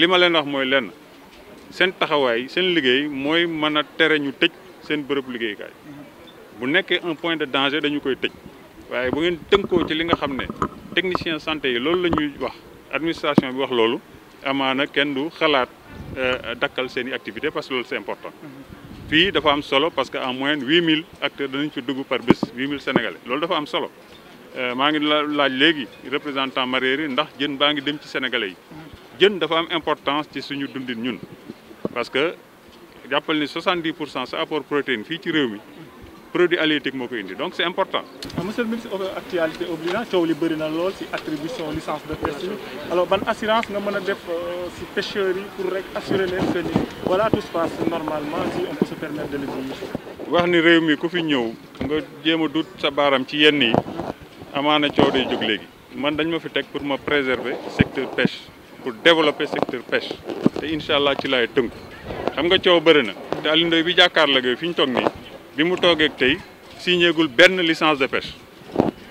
li ma leen wax mooy lenn seen taxawaay seen liggéey mooy mën a tere ñu tëj seen bërëb liggéeykaay bu nekkee un point de danger dañu koy tëj waaye bu ngeen tënkoo ci li nga xam ne technicien santé yi loolu la ñuy wax administration bi wax loolu amaana kenn du xalaat euh, dakkal seen i activité parce que loolu c'est important fii dafa am solo parce que en moyenne huit mille acteurs danañ fi dugg par bés huit mille sénégalais loolu dafa am solo euh, maa ngi laaj léegi représentant Mareyeur yi ndax jën baa ngi dem ci sénégalais yi jën dafa am importance ci suñu dundin ñun parce que jàppal ni 70 pour cent sa apport protéine fii ci réew mi produit halieutique moo koy indi donc c' est important. Ah, monsieur le ministre actualité obligée coow li bëri na lool si attribution licence de pêche yi alors ban assurance nga mën a def si euh, pêcheurs yi pour rek assurer leen que ni voilà tout se normalement si on peut se permettre de le wax ni réew mi ku fi ñëw nga jéem a dut sa baaram ci yenn yi amaana coow day jóg léegi man dañ ma fi teg pour ma préserver secteur pêche. pour développer secteur pêche te incha allah ci laay tënk xam nga coow bëri na te Alioune Ndoye bi jàkkaarloo gi fi ñu toog nii bi mu toogeeg tey signéegul benn licence de pêche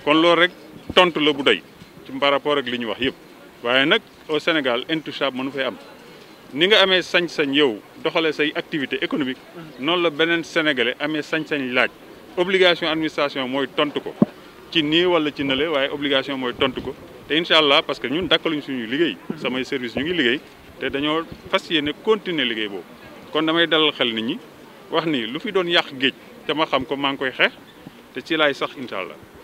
kon loolu rek tontu la bu dey ci par rapport ak li ñu wax yëpp waaye nag au Sénégal ma nu fay am ni nga amee sañ-sañ yow doxalee say activité économique noonu la beneen sénégalais amee sañ-sañ laaj obligation administration mooy tontu ko ci nii wala ci nële waaye obligation mooy tontu ko te incha allah parce que ñun dakkaluñ suñu liggéey samay service ñu ngi liggéey te dañoo fas yéene continuer liggéey boobu kon damay dalal xel nit ñi wax nii lu fi doon yàq géej te ma xam ko maa ngi koy xeex te ci laay sax incha allah